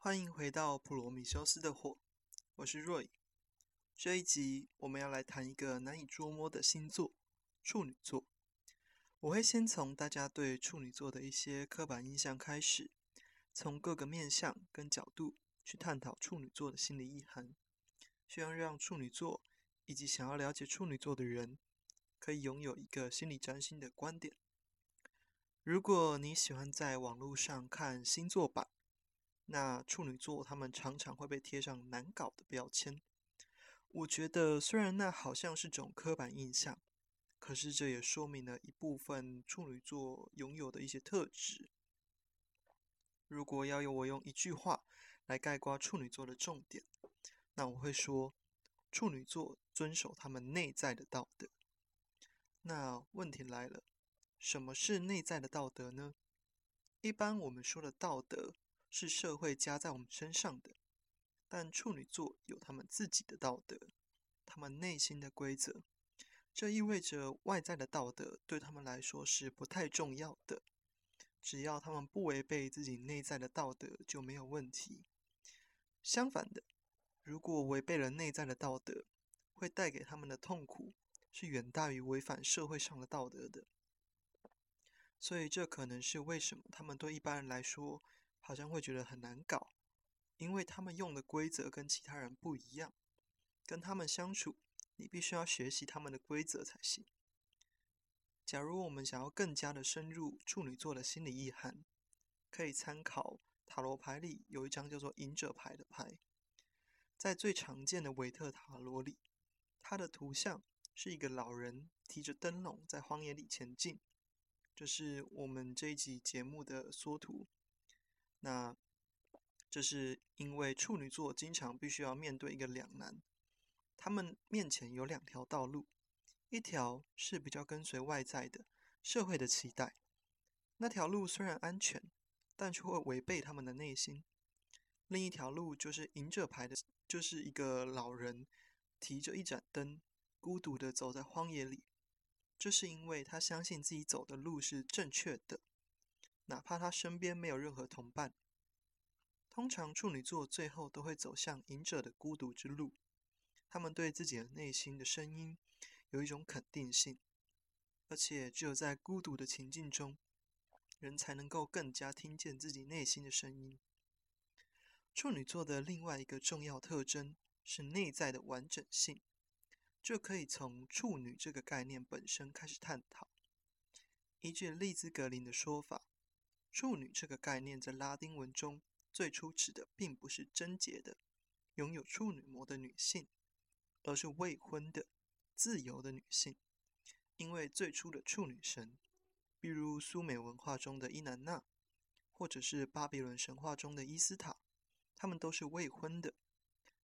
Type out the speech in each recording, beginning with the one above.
歡迎回到《普羅米修斯的火》，我是 Roy。這一集我們要來談一個難以捉摸的星座——處女座。我會先從大家對處女座的一些刻板印象開始，從各個面向跟角度去探討處女座的心理意涵，希望讓處女座以及想要了解處女座的人，可以擁有一個心理占星的觀點。如果你喜歡在網絡上看星座版，那處女座他們常常會被貼上難搞的標籤。我覺得雖然那好像是種刻板印象，可是這也說明了一部分處女座擁有的一些特質。如果要用我用一句話來概括處女座的重點，那我會說：處女座遵守他們內在的道德。那問題來了，什麼是內在的道德呢？一般我們說的道德。是社會加在我們身上的，但處女座有他們自己的道德，他們內心的規則。這意味着外在的道德對他們來說是不太重要的，只要他們不違背自己內在的道德就沒有問題。相反的，如果違背了內在的道德，會帶給他們的痛苦是遠大於違反社會上的道德的。所以，這可能是為什麼他們對一般人來說，好像會覺得很難搞，因為他們用的規則跟其他人不一樣。跟他們相處，你必須要學習他們的規則才行。假如我們想要更加的深入處女座的心理意涵，可以參考塔羅牌裡有一張叫做“隱者牌”的牌。在最常見的維特塔羅裡，它的圖像是一個老人提着燈籠在荒野裡前進。這、就是我們這一集節目的縮圖。那這、就是因為處女座經常必須要面對一個兩難，他們面前有兩條道路，一條是比較跟隨外在的社會的期待，那條路雖然安全，但卻會違背他們的內心；另一條路就是迎着牌的，就是一個老人提着一盞燈，孤獨的走在荒野裡，這、就是因為他相信自己走的路是正確的。哪怕他身邊沒有任何同伴，通常處女座最後都會走向隱者的孤獨之路。他們對自己的內心的聲音有一種肯定性，而且只有在孤獨的情境中，人才能夠更加聽見自己內心的聲音。處女座的另外一個重要特徵是內在的完整性，這可以從“處女”這個概念本身開始探討。依據麗茲．格林的說法。處女這個概念在拉丁文中最初指的並不是貞潔的、擁有處女膜的女性，而是未婚的、自由的女性。因為最初的處女神，比如蘇美文化中的伊南娜，或者是巴比倫神話中的伊斯塔，她們都是未婚的。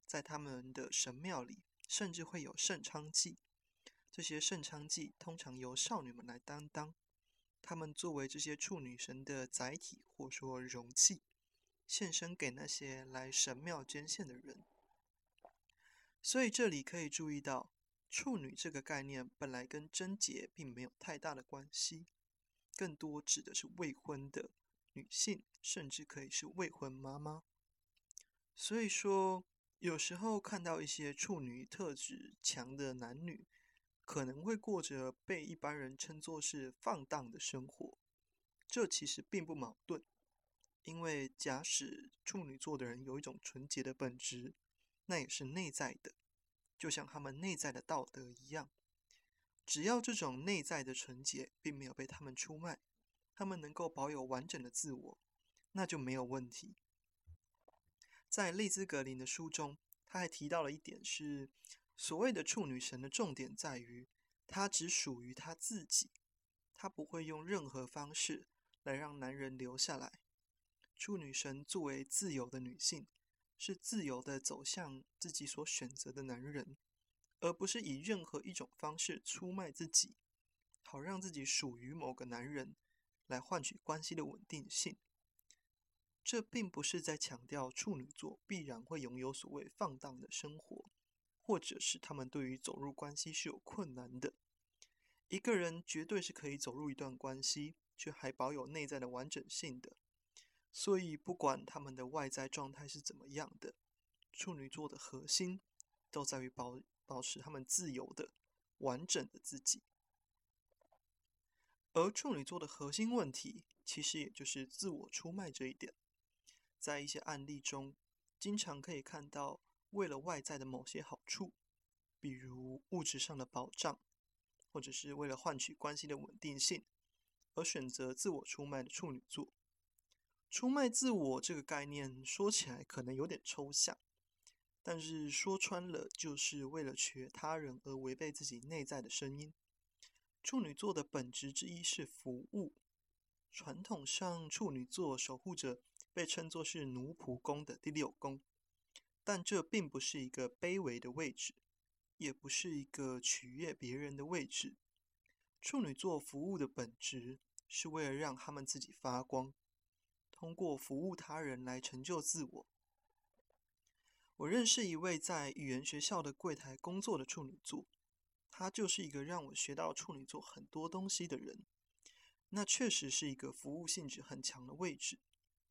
在她們的神廟裡，甚至會有聖娼妓，這些聖娼妓通常由少女們來擔當，當。他們作為這些處女神的載體，或說容器，獻身給那些來神廟捐獻的人。所以這裡可以注意到，處女這個概念本來跟貞潔並沒有太大的關係，更多指的是未婚的女性，甚至可以是未婚媽媽。所以說，有時候看到一些處女特質強的男女，可能會過着被一般人稱作是放蕩的生活，這其實並不矛盾，因為假使處女座的人有一種純潔的本質，那也是內在的，就像他們內在的道德一樣。只要這種內在的純潔並沒有被他們出賣，他們能夠保有完整的自我，那就沒有問題。在麗茲格林的書中，他還提到了一點是，所謂的處女神的重點在於，她只屬於她自己，她不會用任何方式來讓男人留下來。處女神作為自由的女性，是自由的走向自己所選擇的男人，而不是以任何一種方式出賣自己，好讓自己屬於某個男人，來換取關係的穩定性。這並不是在強調處女座必然會擁有所謂放蕩的生活。或者是他們對於走入關係是有困難的。一個人絕對是可以走入一段關係，卻還保有內在的完整性的，所以不管他們的外在狀態是怎麼樣的，處女座的核心都在於保保持他們自由的、完整的自己。而處女座的核心問題，其實也就是自我出賣這一點。在一些案例中，經常可以看到。為了外在的某些好處，比如物質上的保障，或者是為了換取關係的穩定性，而選擇自我出賣的處女座。出賣自我這個概念說起來可能有點抽象，但是說穿了，就是為了取悅他人而違背自己內在的聲音。處女座的本質之一是服務。傳統上，處女座守護者被稱作是奴僕宮的第六宮。但這並不是一個卑微的位置，也不是一個取悅別人的位置。處女座服務的本質是為了讓他們自己發光，通過服務他人來成就自我。我認識一位在語言學校的櫃檯工作的處女座，他就是一個讓我學到處女座很多東西的人。那確實是一個服務性質很強的位置，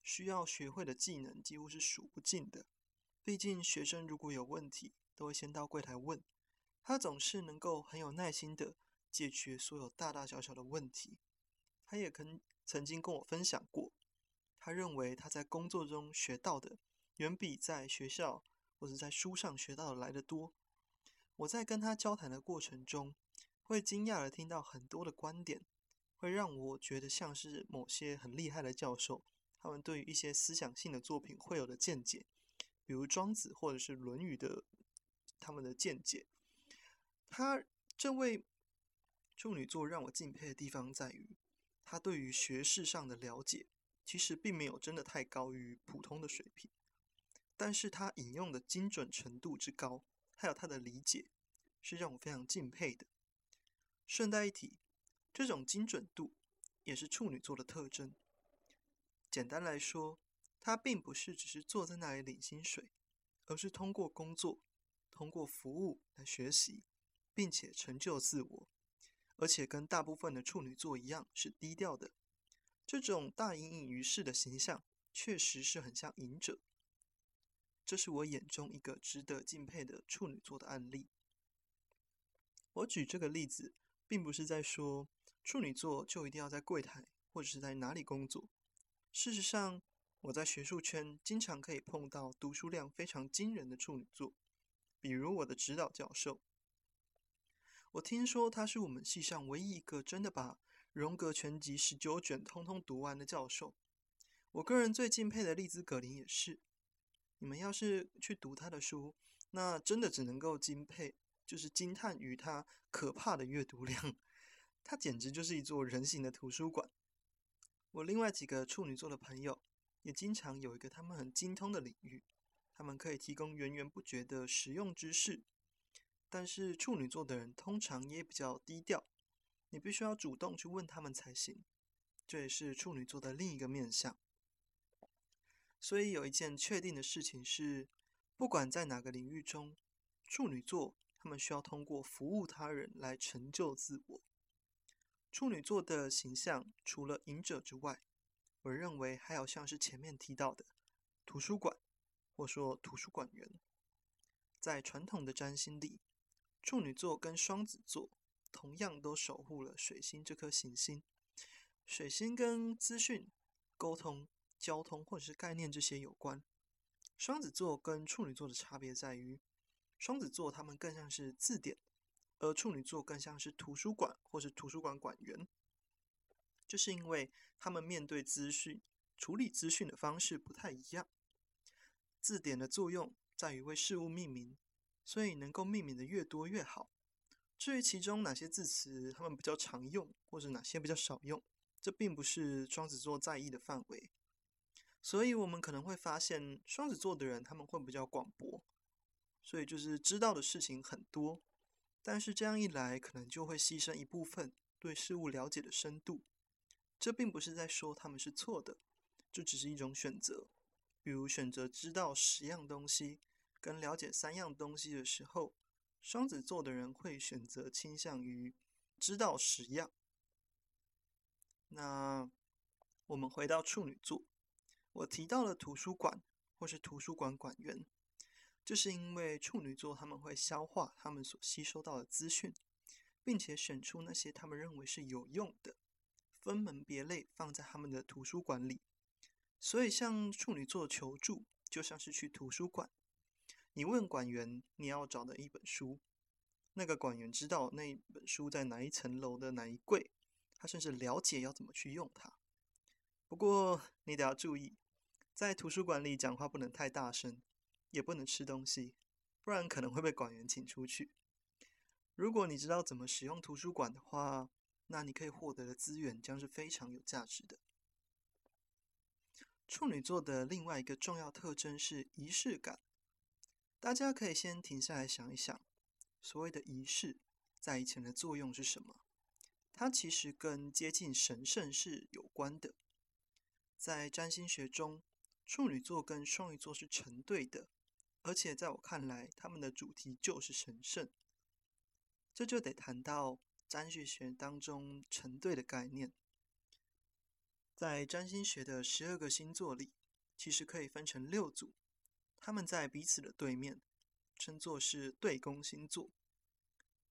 需要學會的技能幾乎是數不盡的。畢竟，學生如果有問題，都會先到櫃檯問，他總是能夠很有耐心地解決所有大大小小的問題。他也曾曾經跟我分享過，他認為他在工作中學到的，遠比在學校或者在書上學到的來得多。我在跟他交談的過程中，會驚訝地聽到很多的觀點，會讓我覺得像是某些很厲害的教授，他們對於一些思想性的作品會有的見解。比如莊子或者是《論語》的他們的見解。他這位處女座讓我敬佩的地方在於，他對於學識上的了解其實並沒有真的太高於普通的水平，但是他引用的精準程度之高，還有他的理解，是讓我非常敬佩的。順帶一提，這種精準度也是處女座的特徵。簡單來說。他並不是只是坐在那裡領薪水，而是通過工作、通過服務來學習，並且成就自我，而且跟大部分的處女座一樣是低調的。這種大隱隱於市的形象，確實是很像隱者。這是我眼中一個值得敬佩的處女座的案例。我舉這個例子，並不是在說處女座就一定要在櫃檯或者是在哪裡工作。事實上，我在學術圈經常可以碰到讀書量非常驚人的處女座，比如我的指導教授。我聽說他是我們系上唯一一個真的把榮格全集十九卷通通讀完的教授。我個人最敬佩的麗茲·格林也是。你們要是去讀他的書，那真的只能夠敬佩，就是驚嘆於他可怕的閱讀量。他簡直就是一座人形的圖書館。我另外幾個處女座的朋友。也經常有一個他們很精通的領域，他們可以提供源源不絕的實用知識。但是處女座的人通常也比較低調，你必須要主動去問他們才行。這也是處女座的另一個面向。所以有一件確定的事情是，不管在哪個領域中，處女座他們需要通過服務他人來成就自我。處女座的形象除了隱者之外。我認為還有像是前面提到的圖書館，或說圖書館員，在傳統的占星裡，處女座跟雙子座同樣都守護了水星這顆行星。水星跟資訊、溝通、交通或者是概念這些有關。雙子座跟處女座的差別在於，雙子座他們更像是字典，而處女座更像是圖書館或是圖書館館員。就是因為他們面對資訊、處理資訊的方式不太一樣。字典的作用在於為事物命名，所以能夠命名的越多越好。至於其中哪些字詞他們比較常用，或者哪些比較少用，這並不是雙子座在意的範圍。所以，我們可能會發現，雙子座的人他們會比較廣博，所以就是知道的事情很多。但是這樣一來，可能就會犧牲一部分對事物了解的深度。這並不是在說他們是錯的，這只是一種選擇。比如選擇知道十樣東西，跟了解三樣東西的時候，雙子座的人會選擇傾向於知道十樣。那我們回到處女座，我提到了圖書館或是圖書館館員，這就是因為處女座他們會消化他們所吸收到的資訊，並且選出那些他們認為是有用的，分門別類，放在他們的圖書館裡，所以向處女座求助就像是去圖書館，你問館員你要找的一本書，那個館員知道那本書在哪一層樓的哪一櫃，他甚至了解要怎麼去用它。不過你得要注意，在圖書館裡講話不能太大聲，也不能吃東西，不然可能會被館員請出去。如果你知道怎麼使用圖書館的話，那你可以獲得的資源將是非常有價值的。處女座的另外一個重要特徵是儀式感，大家可以先停下來想一想，所謂的儀式在以前的作用是什麼？它其實跟接近神聖是有關的。在占星學中，處女座跟雙魚座是成對的，而且在我看來，他們的主題就是神聖。這就得談到，占星學當中成對的概念，在占星學的十二個星座裡，其實可以分成六組，他們在彼此的對面，稱作是對宮星座。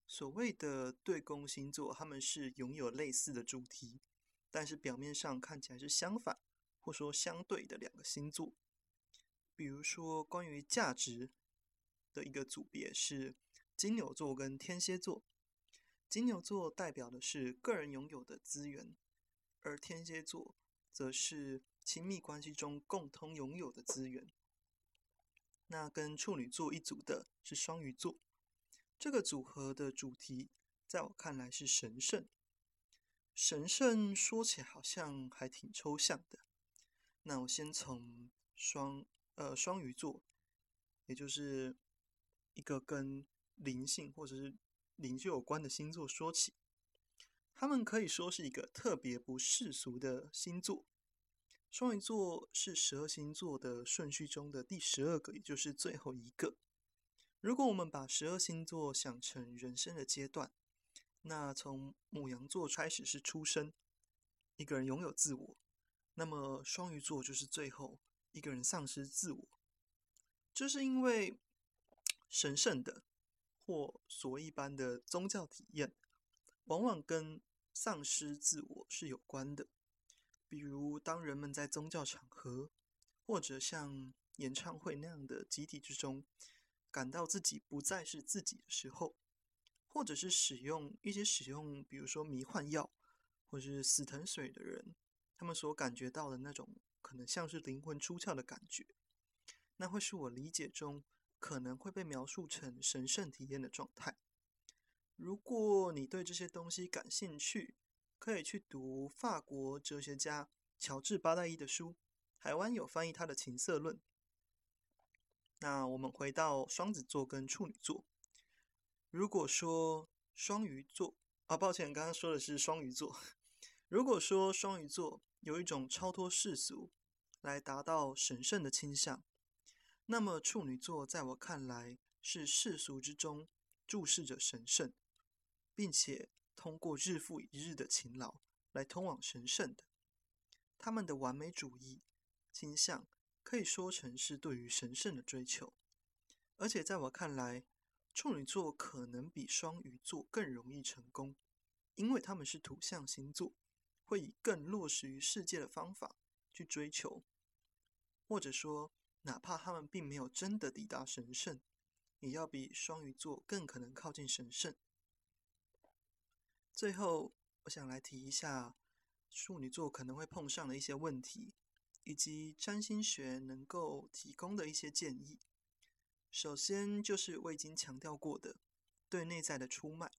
所謂的對宮星座，他們是擁有類似的主題，但是表面上看起來是相反，或說相對的兩個星座。比如說，關於價值的一個組別是金牛座跟天蠍座。金牛座代表的是個人擁有的資源，而天蠍座則是親密關係中共同擁有的資源。那跟處女座一組的是雙魚座，這個組合的主題在我看來是神聖。神聖說起來好像還挺抽象的。那我先從雙，呃，雙魚座，也就是一個跟靈性或者是。鄰居有關的星座說起，他們可以說是一個特別不世俗的星座。雙魚座是十二星座的順序中的第十二個，也就是最後一個。如果我們把十二星座想成人生的階段，那從牡羊座開始是出生，一個人擁有自我；那麼雙魚座就是最後一個人喪失自我，這是因為神聖的。或所一般的宗教體驗，往往跟喪失自我是有關的。比如，當人們在宗教場合，或者像演唱會那樣的集體之中，感到自己不再是自己的時候，或者是使用一些使用，比如說迷幻藥，或是死藤水的人，他們所感覺到的那種可能像是靈魂出竅的感覺，那會是我理解中，可能會被描述成神聖體驗的狀態。如果你對這些東西感興趣，可以去讀法國哲學家喬治·巴代伊的書，台灣有翻譯他的《情色論》。那我們回到雙子座跟處女座。如果說雙魚座，啊，抱歉，剛剛說的是雙魚座。如果說雙魚座有一種超脫世俗來達到神聖的傾向。那麼處女座在我看來是世俗之中注視着神聖，並且通過日復一日的勤勞來通往神聖的。他們的完美主義傾向可以說成是對於神聖的追求。而且在我看來，處女座可能比雙魚座更容易成功，因為他們是土象星座，會以更落實於世界的方法去追求，或者說。哪怕他們並沒有真的抵達神聖，也要比雙魚座更可能靠近神聖。最後，我想來提一下處女座可能會碰上的一些問題，以及占星學能夠提供的一些建議。首先，就是我已經強調過的對內在的出賣，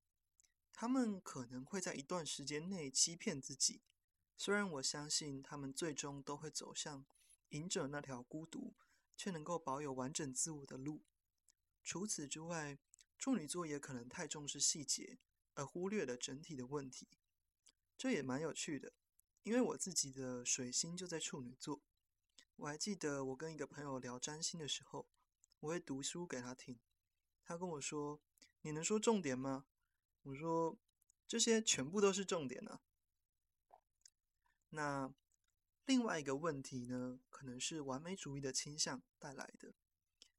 他們可能會在一段時間內欺騙自己。雖然我相信他們最終都會走向隱者那條孤獨。卻能夠保有完整自我的路。除此之外，處女座也可能太重視細節，而忽略了整體的問題。這也蠻有趣的，因為我自己的水星就在處女座。我還記得我跟一個朋友聊占星的時候，我會讀書給他聽。他跟我說：“你能說重點嗎？”我說：“這些全部都是重點啊。”那。另外一個問題呢，可能是完美主義的傾向帶來的，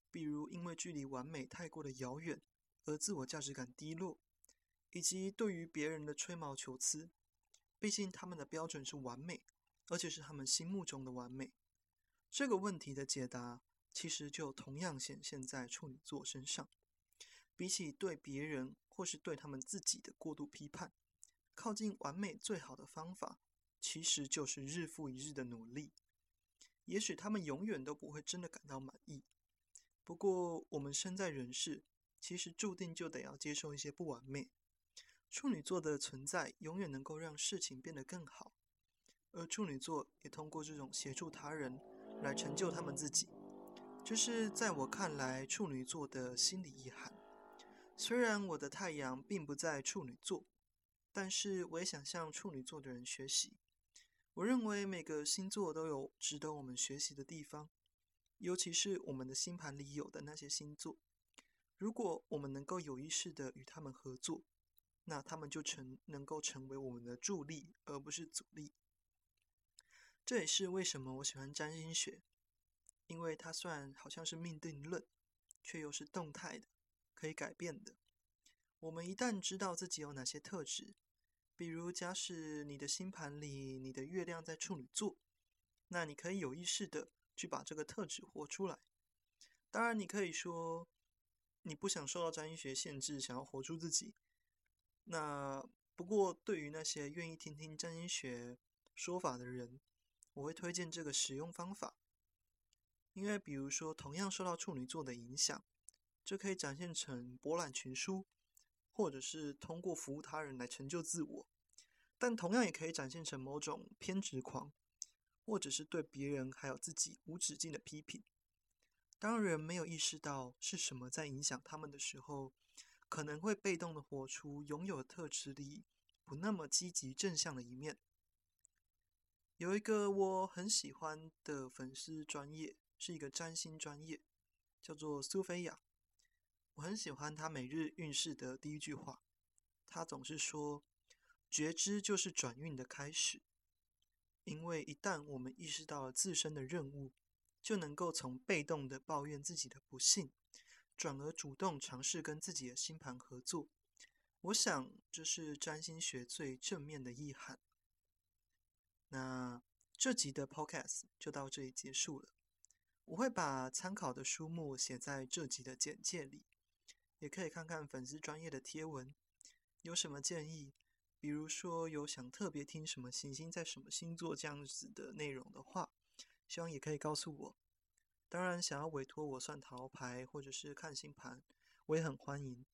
比如因為距離完美太過的遙遠而自我價值感低落，以及對於別人的吹毛求疵，畢竟他們的標準是完美，而且是他們心目中的完美。這個問題的解答其實就同樣顯現在處女座身上，比起對別人或是對他們自己的過度批判，靠近完美最好的方法，其實就是日復一日的努力。也許他們永遠都不會真的感到滿意。不過，我們身在人世，其實注定就得要接受一些不完美。處女座的存在永遠能夠讓事情變得更好，而處女座也通過這種協助他人來成就他們自己。這就是在我看來處女座的心理意涵。雖然我的太陽並不在處女座，但是我也想向處女座的人學習。我認為每個星座都有值得我們學習的地方，尤其是我們的星盤裡有的那些星座。如果我們能夠有意識地與他們合作，那他們就成能夠成為我們的助力，而不是阻力。這也是為什麼我喜歡占星學，因為它算好像是命定論，卻又是動態的，可以改變的。我們一旦知道自己有哪些特質，比如，假使你的星盤裡你的月亮在處女座，那你可以有意識的去把這個特質活出來。當然，你可以說你不想受到占星學限制，想要活出自己。那不過，對於那些願意聽聽占星學說法的人，我會推薦這個使用方法。因為，比如說，同樣受到處女座的影響，就可以展現成博覽群書。或者是通過服務他人來成就自我，但同樣也可以展現成某種偏執狂，或者是對別人還有自己無止境的批評。當人沒有意識到是什麼在影響他們的時候，可能會被動的活出擁有的特質裡不那麼積極正向的一面。有一個我很喜歡的粉絲專業是一個占星專業，叫做蘇菲亞。我很喜歡他每日運勢的第一句話，他總是說：“覺知就是轉運的開始。”因為一旦我們意識到了自身的任務，就能夠從被動的抱怨自己的不幸，轉而主動嘗試跟自己的星盤合作。我想這是占星學最正面的意涵。那這集的 Podcast 就到這裡結束了。我會把參考的書目寫在這集的簡介裡。也可以看看粉絲專業的貼文，有什麼建議？比如說有想特別聽什麼行星在什麼星座這樣子的內容的話，希望也可以告訴我。當然，想要委託我算塔羅牌或者是看星盤，我也很歡迎。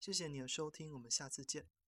謝謝你的收聽，我們下次見。